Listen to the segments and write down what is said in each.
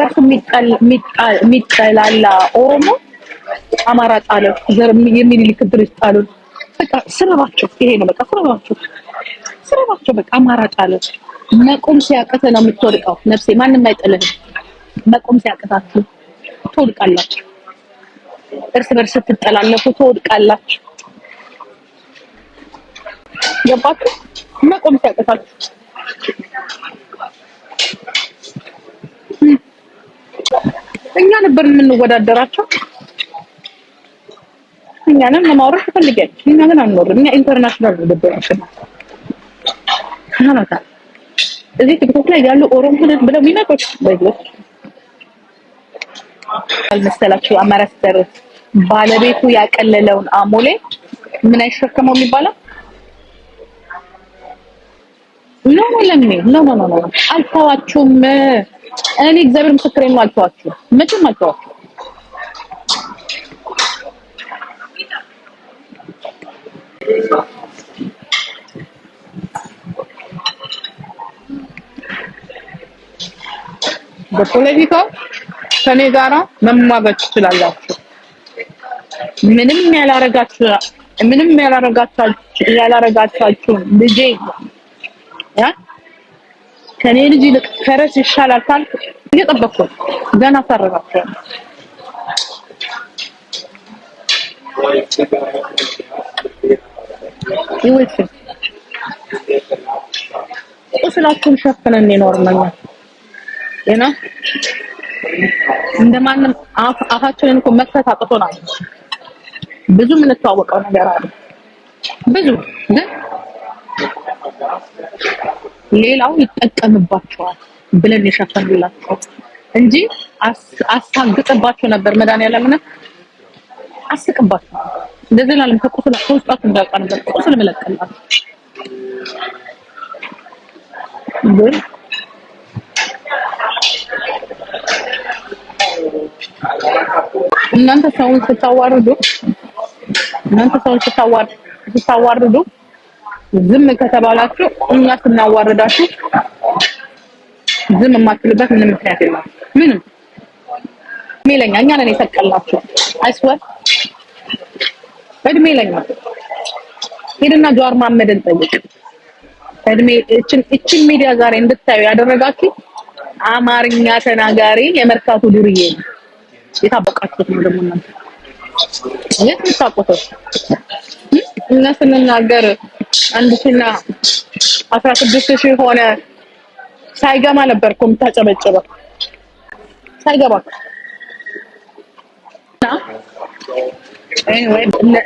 ራሱ የሚጠላላ ኦሮሞ አማራ ጣለው፣ ዘር የሚኒሊክ ብርጅ ጣሉን። በቃ ስበባቸው፣ ይሄ ነው በቃ ስበባቸው፣ ስበባቸው። በቃ አማራ ጣለው። መቆም ሲያቅት ነው የምትወድቀው ነፍሴ። ማንም አይጥልህም። መቆም ሲያቅታችሁ ትወድቃላችሁ። እርስ በርስ ስትጠላለፉ ትወድቃላችሁ። ገባችሁ? መቆም ሲያቅታችሁ እኛ ነበር የምንወዳደራቸው። እኛንም ለማውራት ይፈልጋል። እኛ ግን አንኖርም። እኛ ኢንተርናሽናል ልበናችን ናታ። እዚህ ቲክቶክ ላይ ያሉ ኦሮሞ ህዝብ ብለው የሚመጡት በዚህ አልመሰላችሁ። አማራ ስተር ባለቤቱ ያቀለለውን አሞሌ ምን አይሸከመው የሚባለው ኖ ለሚ ኖ ኖ ኖ አልተዋችሁም። እኔ እግዚአብሔር ምስክሬ ነው፣ አልተዋችሁም፣ መቼም አልተዋችሁም። በፖለቲካ ከኔ ጋራ መሟገት ትችላላችሁ። ምንም ያላረጋችሁ ምንም ያላረጋችሁ ያላረጋችሁ ልጄ ከኔ ልጅ ይልቅ ፈረስ ይሻላል ካልክ እየጠበቅኩ ገና ፈረራቸው ይወልፍ ቁስላችሁን ሸፍነን ይኖርናል እና እንደማንም አፋችንን እኮ መክፈት አቅቶናል። ብዙ የምንተዋወቀው ነገር አለ ብዙ ግን ሌላው ይጠቀምባቸዋል ብለን የሸፈንላቸው እንጂ አሳግጥባቸው ነበር። መድኃኒዓለምን አስቅባቸው ለዘላለም ከቁስል ከውስጣት እንዳውጣ ነበር። ቁስል ምለቅላቸው ግን እናንተ ሰውን ስታዋርዱ እናንተ ሰውን ስታዋርዱ ዝም ከተባላችሁ እኛ ስናዋረዳችሁ ዝም የማትሉበት ምንም ምክንያት የለም። ምንም ሜለኛ እኛ ነን የሰቀላችሁ። አይስወር እድሜ ለኛ ሄድና ጀዋር መሐመድን ጠይቅ። እድሜ እችን እችን ሚዲያ ዛሬ እንድታዩ ያደረጋችሁ አማርኛ ተናጋሪ የመርካቱ ዱርዬ ነው። የታበቃችሁት ነው ደግሞ እናንተ የት ምታቆተው እኛ ስንናገር አንድ ሺና አስራ ስድስት ሺህ ሆነ ሳይገማ ነበር እኮ የምታጨበጭበው ሳይገባ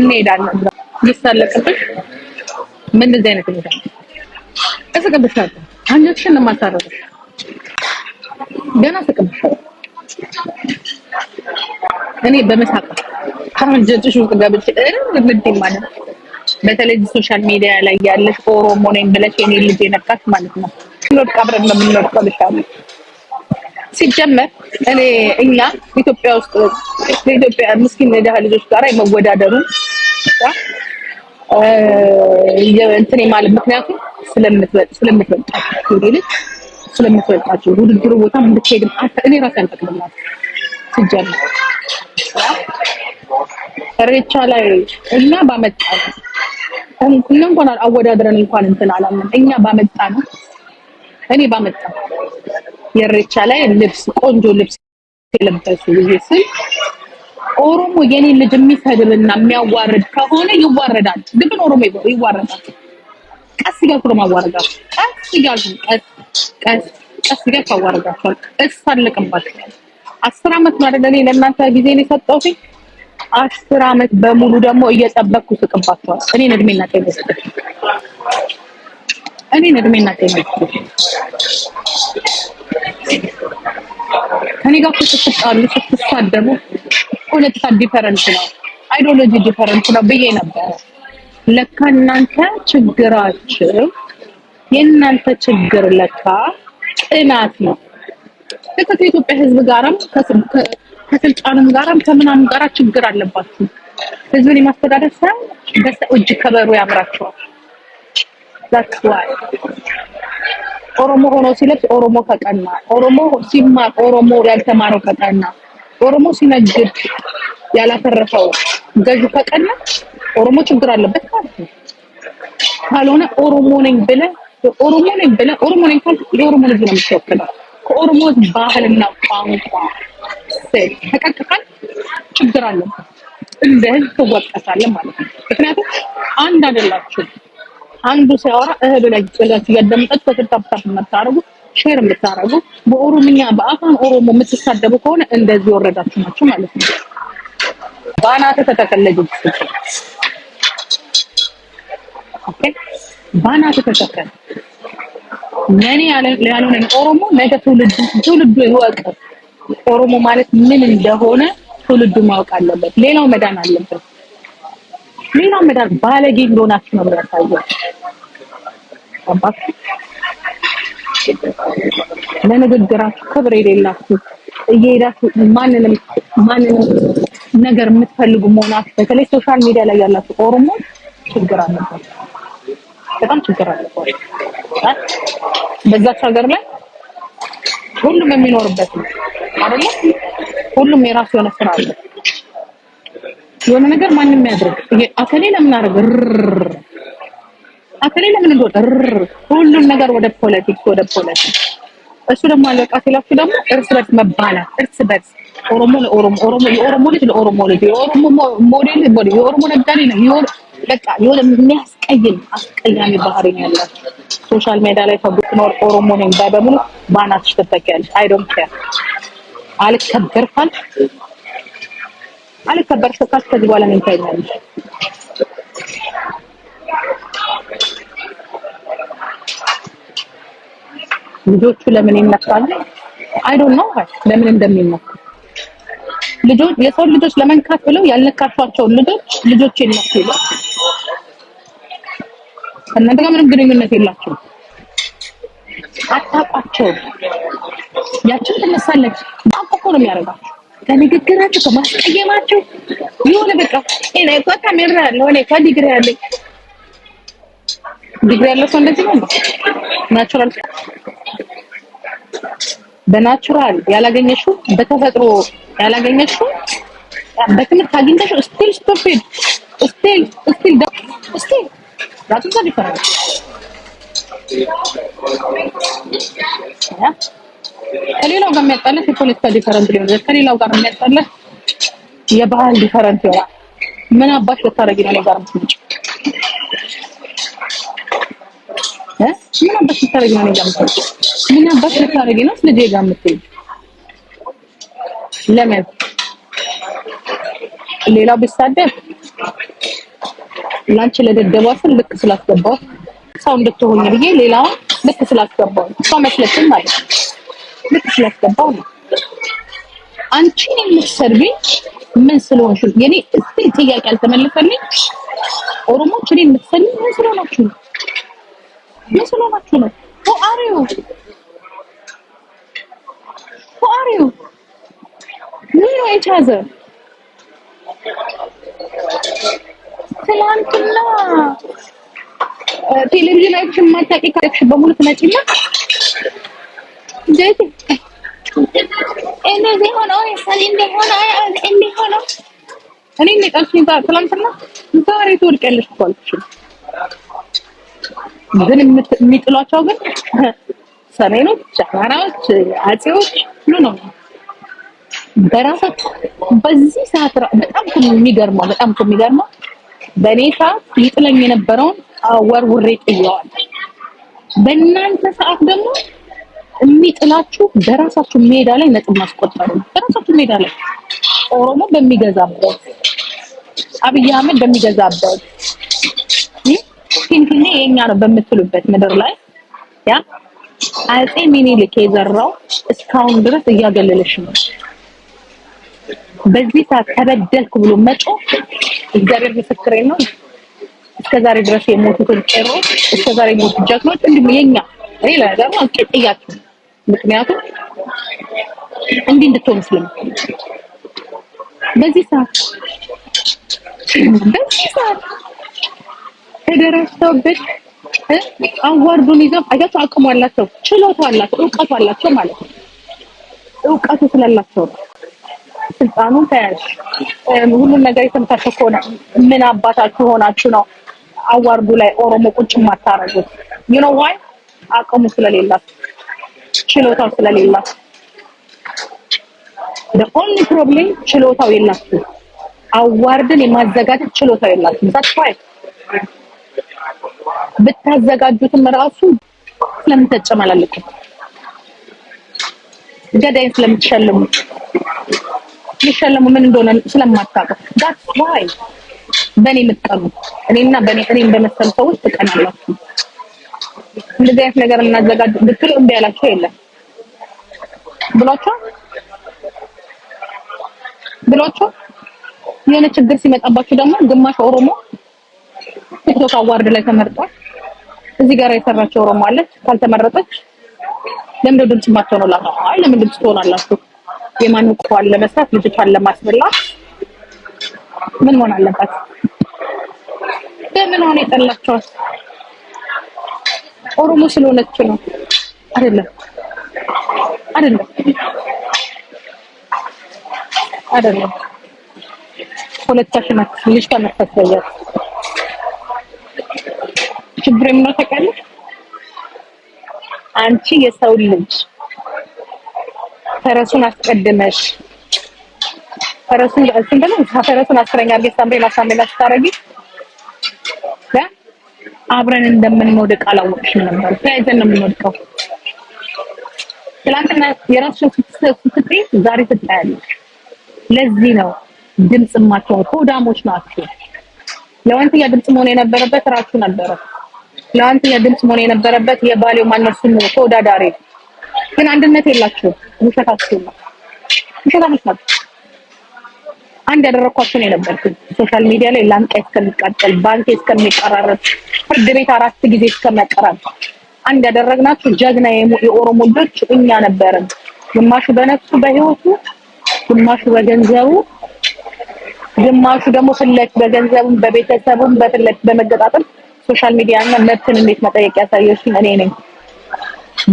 እንሄዳለን። ሊሳለቅብሽ ምን እንደዚህ አይነት ነው እስቅብሻለሁ። አንጀትሽን ነው የማሳረፍሽ። ገና እስቅብሻለሁ እኔ በመሳቅ ከአንጀትሽ ውስጥ ገብቼ እንትን ማለት ነው በተለይ ሶሻል ሚዲያ ላይ ያለሽ ኦሮሞ ነኝ ብለሽ የኔ ልጅ የነካሽ ማለት ነው። ስንወድቅ አብረን ነው የምንወድቀው ብሻለሁ። ሲጀመር እኔ እኛ ኢትዮጵያ ውስጥ ከኢትዮጵያ ምስኪን የድሃ ልጆች ጋር የመወዳደሩን እንትን ማለት ምክንያቱም ስለምትበልጣችሁ ልጅ ስለምትበልጣችሁ ውድድሩ ቦታ እንድትሄድም እኔ ራሴ አልጠቅምላት ሲጀመር ሬቻ ላይ እና ባመጣ ነው እኛ እንኳን አወዳድረን እንኳን እንትን አላልንም። እኛ ባመጣ ነው እኔ ባመጣ የሬቻ ላይ ልብስ ቆንጆ ልብስ የለበሱ ጊዜ ስል ኦሮሞ የኔ ልጅ የሚሰድብና የሚያዋርድ ከሆነ ይዋረዳል። ግብን ኦሮሞ ይባል ይዋረዳል። ቀስ እያልኩ ነው ማዋረዳቸው። ቀስ እያልኩ ቀስ ቀስ ቀስ እያልኩ አዋረዳቸዋል። እሳለቅባቸዋል። አስር አመት ነው አይደል እኔ ለእናንተ ጊዜ ነው የሰጠሁት። አስር አመት በሙሉ ደግሞ እየጠበቅኩ ስቅባቸዋል። እኔን እድሜና ጤና ይስጥልኝ። እኔን እድሜና ጤና ይስጥልኝ። ከኔ ጋር ስትጣሉ ስትሳደቡ ፖለቲካ ዲፈረንት ነው፣ አይዲዮሎጂ ዲፈረንት ነው ብዬ ነበረ። ለካ እናንተ ችግራችሁ የእናንተ ችግር ለካ ጥናት ነው። ለካ ከኢትዮጵያ ሕዝብ ጋርም ከስልጣንም ጋራም ከምናምን ጋራ ችግር አለባችሁ። ህዝብን የማስተዳደር ስራ በሰው እጅ ከበሩ ያምራቸዋል። ዛትስ ዋይ ኦሮሞ ሆኖ ሲለብስ ኦሮሞ ከቀና፣ ኦሮሞ ሲማር ኦሮሞ ያልተማረው ከቀና፣ ኦሮሞ ሲነግድ ያላተረፈው ገዥ ከቀና ኦሮሞ ችግር አለበት ማለት ነው። ካልሆነ ኦሮሞ ነኝ ብለህ ኦሮሞ ነኝ ብለህ ኦሮሞ ነኝ ካልክ የኦሮሞን ህዝብ ነው የምትወክለው ከኦሮሞ ባህልና ቋንቋ ተቀጥቀን ችግር አለበት እንደ ህዝብ ትወቀሳለን ማለት ነው። ምክንያቱም አንድ አይደላችሁ። አንዱ ሲያወራ እህሉ ላይ ጥላችሁ እያዳመጣችሁ በተጣጣፍ የምታደርጉ ሼር የምታደርጉ በኦሮምኛ በአፋን ኦሮሞ የምትሳደቡ ከሆነ እንደዚህ ወረዳችሁ ናቸው ማለት ነው። ባናተ ተተከለጅ ኦኬ፣ ባናተ ተተከለ ነኔ ያልሆነን ኦሮሞ ነገ ትውልዱ ትውልዱ ይወቀ ኦሮሞ ማለት ምን እንደሆነ ትውልዱ ማወቅ አለበት። ሌላው መዳን አለበት። ሌላው መዳን ባለጌ እንደሆናችሁ ነው የሚያሳየው። ለንግግራችሁ ክብር የሌላችሁ እየሄዳችሁ ማንንም ማንንም ነገር የምትፈልጉ መሆናችሁ በተለይ ሶሻል ሚዲያ ላይ ያላችሁ ኦሮሞ ችግር አለበት፣ በጣም ችግር አለበት በዛች ሀገር ላይ ሁሉም የሚኖርበት ነው አይደለ? ሁሉም የራሱ የሆነ ስራ አለ። የሆነ ነገር ማንም ያድርግ፣ አከሌ ለምን አደረገ፣ አከሌ ለምን እንደወጣ፣ ሁሉም ነገር ወደ ፖለቲክስ ወደ ፖለቲክስ። እሱ ደግሞ አለቃ ሲላችሁ ደግሞ እርስ በርስ መባላት፣ እርስ በርስ ኦሮሞ ለኦሮሞ፣ ኦሮሞ የኦሮሞ ልጅ ለኦሮሞ ልጅ፣ የኦሮሞ ሞዴል የኦሮሞ ነጋዴ ነው። በቃ የሆነ የሚያስቀይም አስቀያሚ ባህሪ ነው ያላቸው። ሶሻል ሜዲያ ላይ ተቡክኖር ኦሮሞ ነኝ ባይ በሙሉ ባናትሽ ትጠቂያለሽ። አይ ዶንት ኬር። አልከበር ካልሽ አልከበር ካልሽ ከዚህ በኋላ ምን ታይኛለሽ? ልጆቹ ለምን ይነካሉ? አይ ዶንት ኖ ለምን እንደሚነካ ልጆች የሰው ልጆች ለመንካት ብለው ያልነካቸውን ልጆች ልጆች ይነካሉ። ከእናንተ ጋር ምንም ግንኙነት የላቸውም። አታውቋቸውም። ያችን ትነሳለች ባቆቆ ነው የሚያደርጋቸው ከንግግራቸው ከማስቀየማቸው የሆነ በቃ እኔ እኮ ካሜራ ያለው እኔ እኮ ዲግሪ ያለኝ ዲግሪ ያለው ሰው እንደዚህ ነው። ናቹራል በናቹራል ያላገኘሽው በተፈጥሮ ያላገኘሽው በትምህርት አግኝተሽው ስቲል ስቶፒድ ስቲል ስቲል ስቲል Zatim da bir para ከሌላው ጋር የሚያጣልህ የፖለቲካ ዲፈረንት ሊሆን ይችላል። ከሌላው ጋር የሚያጣልህ የባህል ዲፈረንት ይሆናል። ምን አባሽ ልታረጊ ነው? ጋር የምትመጪው ምን አባሽ ልታረጊ ነው? ጋር የምትመጪው ምን አባሽ ልታረጊ ነው? ልጄ ጋር የምትሄጂው ለምን? ሌላው ቢሳደብ ላንቺ ለደደቧትን ልክ ስላስገባው ሰው እንድትሆኝ ብዬ ሌላው ልክ ስላስገባው ሰው መስለችኝ ማለት ነው። ልክ ስላስገባው ነው። አንቺን የምትሰርቢኝ ምን ስለሆንሽ? የኔ እስቲ ጥያቄ አልተመለሰልኝ። ኦሮሞች እኔ የምትሰልኝ ምን ስለሆናችሁ ነው? ምን ስለሆናችሁ ነው? ሁ አር ዩ ሁ አር ትናንትና ቴሌቪዥን አይተሽ የማታውቂ ካለሽ በሙሉ ትመጪና ጀይቲ እንደዚህ ሆነ እንደዚህ ሆነ እንዲህ እኔ እንደ ቃልሽኝ ትናንትና ዛሬ ትወድቂያለሽ እኮ አልኩሽም። ግን የሚጥሏቸው ግን ሰሜኖች፣ አማራዎች፣ አጼዎች ሁሉ ነው። በራሳቸው በዚህ ሰዓት በጣም የሚገርመው በጣም የሚገርመው በእኔ ሰዓት ይጥለኝ የነበረውን ወርውሬ ጥየዋል። በእናንተ ሰዓት ደግሞ የሚጥላችሁ በራሳችሁ ሜዳ ላይ ነጥብ ማስቆጠሩ በራሳችሁ ሜዳ ላይ ኦሮሞ በሚገዛበት አብይ አህመድ በሚገዛበት ፊንፊኔ የኛ ነው በምትሉበት ምድር ላይ ያ አፄ ሚኒሊክ የዘራው እስካሁን ድረስ እያገለለሽ ነው። በዚህ ሰዓት ተበደልኩ ብሎ መጮ እግዚአብሔር ምስክሬ ነው። እስከ ዛሬ ድረስ የሞቱትን ቄሮ እስከዛሬ የሞቱ ጀግኖች እንዲሁም የኛ እኔ ለነገሩ አልቄጥያችሁ ምክንያቱም እንዲህ እንድትሆን ስለም በዚህ ሰዓት በዚህ ሰዓት ተደራጅተውበት አዋርዱን ይዘው አይታችሁ አቅሙ አላቸው፣ ችሎታ አላቸው፣ እውቀቱ አላቸው ማለት ነው። እውቀቱ ስላላቸው ነው። ስልጣኑ ተያዥ ሁሉም ነገር የተመቻቸ ከሆነ ምን አባታችሁ ሆናችሁ ነው አዋርዱ ላይ ኦሮሞ ቁጭ የማታረጉት? ዩ ኖ ዋይ አቅሙ ስለሌላት ችሎታው ስለሌላት the only ችሎታው የላችሁ አዋርድን የማዘጋጀት ችሎታው የላችሁ that's ብታዘጋጁትም ራሱ ስለምትጨመላለቁ ገዳይን ስለምትሸልሙ የሚሸለሙ ምን እንደሆነ ስለማታውቀው ዳት ዋይ በእኔ የምትቀኑ እኔና በእኔ እኔም በመሰሉ ሰዎች ትቀናላችሁ። እንደዚህ አይነት ነገር እናዘጋጅ ብትሉ እምቢ ያላችሁ የለም ብሏቸው ብሏቸው የሆነ ችግር ሲመጣባችሁ ደግሞ ግማሽ ኦሮሞ ቲክቶክ አዋርድ ላይ ተመርጧል። እዚህ ጋር የሰራቸው ኦሮሞ አለች። ካልተመረጠች ለምንድን ድምጽ ማቸው ነው ላታ አይ ለምን ድምጽ ትሆናላችሁ? የማንቋዋን ለመስራት ልጅቷን ለማስበላት ምን መሆን አለበት? በምን ሆነ የጠላቸዋል? ኦሮሞ ስለሆነች ነው አይደለም? አይደለም አይደለም። ሁለታችን ልጅ ከመፈት በያት ችግር የምናው ተቀለ አንቺ የሰው ልጅ ፈረሱን አስቀድመሽ ፈረሱን እሱን ደግሞ ፈረሱን አስረኛ አድርጌ ሳምሬ ላሳምሬ ላስታረጊ አብረን እንደምንወድቅ አላወቅሽም ነበር። ተያይዘን ነው የምንወድቀው። ትላንትና የራስሽን ስትይ ዛሬ ትታያለሽ። ለዚህ ነው ድምጽ ማቸው ሆዳሞች ናቸው። ለዋንትያ ድምጽ መሆን የነበረበት ራሱ ነበረ። ለዋንትያ ድምጽ መሆን የነበረበት የባሌው ማነሱ ነው ተወዳዳሪ ግን አንድነት የላችሁም። ውሸታችሁ ነው። ውሸታሞች ነው። አንድ ያደረኳችሁ ነው የነበርኩኝ ሶሻል ሚዲያ ላይ ላንቃ እስከሚቃጠል ባንክ እስከሚቀራረብ ፍርድ ቤት አራት ጊዜ እስከሚያቀራርብ አንድ ያደረግናችሁ ጀግና የኦሮሞ ልጆች እኛ ነበርን። ግማሹ በነፍሱ በህይወቱ፣ ግማሹ በገንዘቡ፣ ግማሹ ደግሞ ፍለት በገንዘቡም በቤተሰቡም በፍለት በመገጣጠም ሶሻል ሚዲያ እና መብትን እንዴት መጠየቅ ያሳየሽኝ እኔ ነኝ።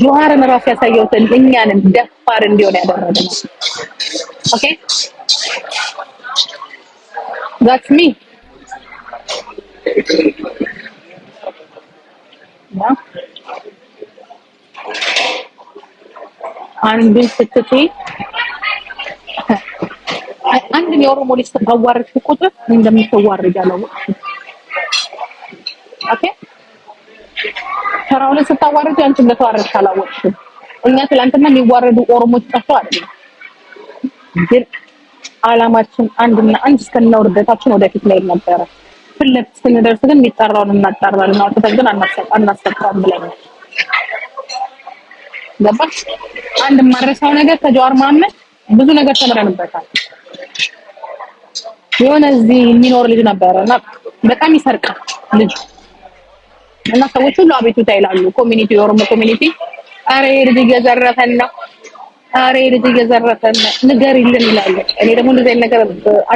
ጆሃርን ራሱ ያሳየውትን እኛንም ደፋር እንዲሆን ያደረገን። ኦኬ ዛት ሚ አንዱን ስትትይ አንድን የኦሮሞ ልጅ ስታዋርድ ቁጥር እንደምትዋርድ ያለው ኦኬ ተራው ላይ ስታዋርድ አንቺ እንደተዋረድሽ አላወቅሽም። እኛ ትላንትና የሚዋረዱ ኦሮሞች ጠፍተው አይደል? ግን አላማችን አንድና አንድ እስከነውርደታችን ወደፊት ላይ ነበረ። ፊት ለፊት ስንደርስ ግን የሚጠራውን እናጣራለን፣ አውጥተን ግን አናሰጣም ብለናል። ገባሽ? አንድ የማረሳው ነገር ከጀዋር መሀመድ ብዙ ነገር ተምረንበታል። የሆነ እዚህ የሚኖር ልጅ ነበረ እና በጣም ይሰርቃል ልጅ እና ሰዎች ሁሉ አቤቱታ ይላሉ። ኮሚኒቲ የኦሮሞ ኮሚኒቲ አሬ ልጅ እየዘረፈን ነው፣ አሬ ልጅ እየዘረፈን ነው፣ ንገሪልን ይላሉ። እኔ ደግሞ እንደዚህ አይነት ነገር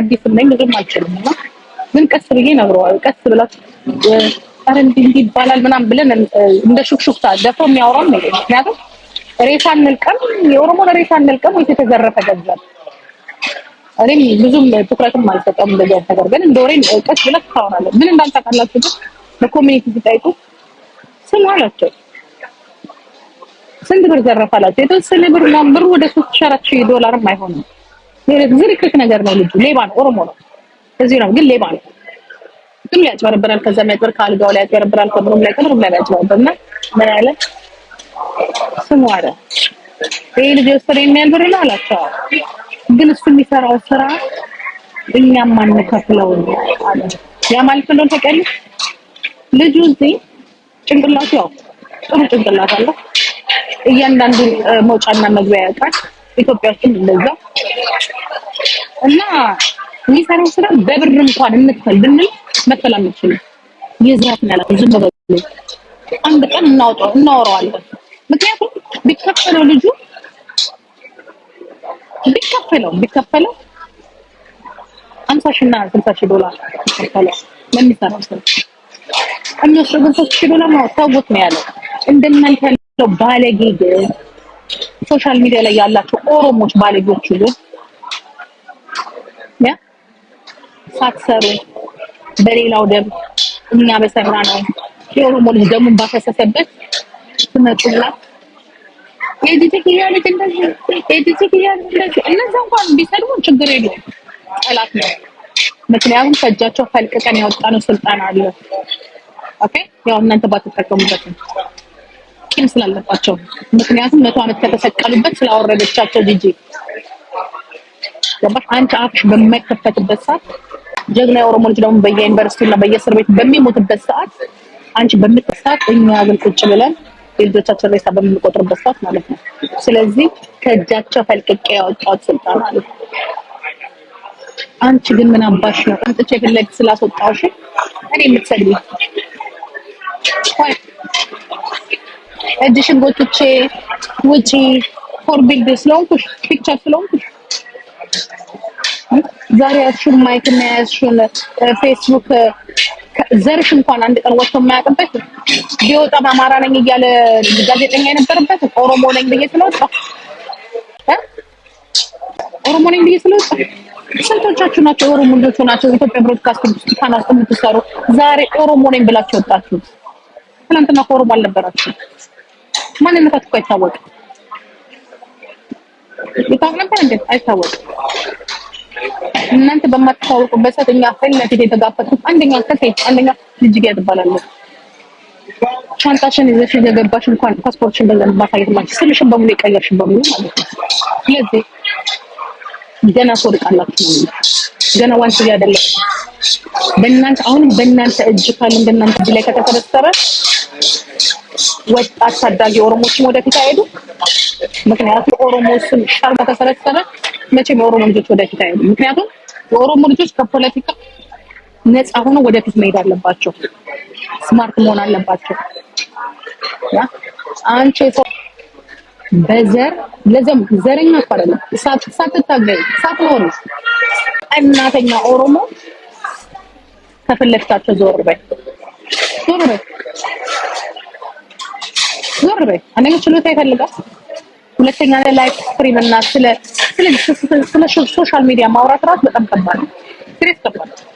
አዲስ ነኝ ብዙም አልችልም እና ግን ቀስ ብዬ ነግረዋል። ቀስ ብላችሁ አረ እንዲህ እንዲህ ይባላል ምናምን ብለን እንደ ሹክሹክታ ደፎ የሚያወራም ነው። ምክንያቱም ሬሳ እንልቀም፣ የኦሮሞን ሬሳ እንልቀም ወይስ የተዘረፈ ገንዘብ? እኔም ብዙም ትኩረትም አልሰጠውም እንደዚህ ነገር፣ ግን እንደ ወሬ ቀስ ብለህ ታወራለህ። ምን እንዳልታውቃላችሁ ግን በኮሚኒቲ ሲጠይቁ ስሙ አላቸው። ስንት ብር ዘረፋላቸው? የተወሰነ ብር ምናምን ብር ወደ ሶስት ሺህ አራት ሺህ ዶላርም አይሆንም። ዝርክርክ ነገር ነው። ልጁ ሌባ ነው። ኦሮሞ ነው። እዚህ ነው ግን ሌባ ነው። ግን ያጭበረብራል። ከዛም ያጭበር ከአልጋው ላይ ያጭበረብራል። ከምኑም ላይ ከምኑም ላይ ያጭበረብራል። እና ምን አለ ስሙ አለ ይሄ ልጅ ወሰደ የሚያህል ብር ነው አላቸው። ግን እሱ የሚሰራው ስራ እኛም አንከፍለውም አለ። ያ ማለት እንደሆነ ታውቂያለሽ ልጁ እዚህ ጭንቅላቱ ያው ጥሩ ጭንቅላት አለው። እያንዳንዱን መውጫና መግቢያ ያውቃል። ኢትዮጵያ ውስጥ እንደዛ እና የሚሰራው ስራ በብር እንኳን እንትፈል ብንል መክፈል አንችልም። የዛት ማለት ዝም ብሎ አንድ ቀን እናውጣው እናወራዋለን። ምክንያቱም ቢከፈለው ልጁ ቢከፈለው ቢከፈለው አምሳ ሺህ እና ስልሳ ሺህ ዶላር ይከፈለው ለሚሰራው ስራ እነሱ ግን ስትችሉ ለማ ተውት ነው ያለው። እንደናንተ ያለው ባለጌ ግን ሶሻል ሚዲያ ላይ ያላቸው ኦሮሞች ባለጌዎች ሁሉ ያ ሳትሰሩ በሌላው ደም እኛ በሰራ ነው የኦሮሞ ልጅ ደሙን ባፈሰሰበት ትመጡላ ኤዲቲክ እያለች እንደዚህ ኤዲቲክ እያለች እንደዚህ እነዛ እንኳን ቢሰድቡን ችግር የለውም፣ ጠላት ነው። ምክንያቱም ከእጃቸው ፈልቅቀን ያወጣነው ስልጣን አለ። ኦኬ ያው እናንተ ባትጠቀሙበት ቂም ስላለባቸው ምክንያቱም መቶ ዓመት ከተሰቀሉበት ስላወረደቻቸው ጂጂ ገባሽ አንቺ አፍሽ በማይከፈትበት ሰዓት ጀግና የኦሮሞ ልጅ ደግሞ በየዩኒቨርሲቲው እና በየእስር ቤት በሚሞትበት ሰዓት አንቺ በምትሳት እኛ ግን ቁጭ ብለን የልጆቻችን ሬሳ በምንቆጥርበት ሰዓት ማለት ነው። ስለዚህ ከእጃቸው ፈልቅቄ ያወጣሁት ስልጣን አለ። አንቺ ግን ምን አባሽ ነው እንጥቼ ፍለግ ስላስወጣሁሽ እኔ የምትሰድቢ እጅሽን ጎትቼ ውጪ ፎር ቢልድ ስለሆንኩሽ ፒክቸር ስለሆንኩሽ ዛሬ ያዝሽውን ማይክ እና ያዝሽውን ፌስቡክ ዘርሽ እንኳን አንድ ቀን ወጥቶ የማያውቅበት ቢወጣም አማራ ነኝ እያለ ጋዜጠኛ የነበረበት ኦሮሞ ነኝ ብዬ ስለወጣ ኦሮሞ ነኝ ብዬ ስለወጣ ስንቶቻችሁ ናቸው የኦሮሞ ልጆች ናቸው ኢትዮጵያ ብሮድካስት ውስጥ ፋና ውስጥ የምትሰሩ? ዛሬ ኦሮሞ ነኝ ብላችሁ ወጣችሁ። ትናንትና ከኦሮሞ አልነበራችሁ። ማንነታችሁ እኮ አይታወቅም። ይታወቅ ነበር እንዴ? አይታወቅም። እናንተ በማትታወቁበት ሰዓት እኛ ፊት ለፊት የተጋፈጥኩት አንደኛ ከሴት አንደኛ ልጅጌ ትባላለች። ሻንጣሽን ይዘሽ የገባሽ እንኳን ፓስፖርትሽን በዘንድ ማሳየት ማለት ስልሽን በሙሉ የቀየርሽ በሙሉ ማለት ነው። ስለዚህ ገና ትወድቃላችሁ ነው። ገና ዋንስ ያደለች በእናንተ አሁንም በእናንተ እጅ ካለ በእናንተ እጅ ላይ ከተሰበሰበ ወጣት ታዳጊ ኦሮሞዎችም ወደፊት አይሄዱ። ምክንያቱም ኦሮሞ ስም ሻር ከተሰበሰበ መቼም የኦሮሞ ልጆች ወደፊት አይሄዱ። ምክንያቱም የኦሮሞ ልጆች ከፖለቲካ ነፃ ሆኖ ወደፊት መሄድ አለባቸው። ስማርት መሆን አለባቸው። ያ አንቺ በዘር ለዘም ዘረኛ እኮ አይደለም። ሳትታገኝ ሳትሆኑ እናተኛ ኦሮሞ ከፊት ለፊታቸው ዞር በይ፣ ዞር በይ፣ ዞር በይ። አንደኛ ችሎታ ይፈልጋል። ሁለተኛ ላይ ላይፍ ስትሪም እና ስለ ስለ ሶሻል ሚዲያ ማውራት ራስ በጣም ከባድ ነው። ትሬስ ከባድ ነው።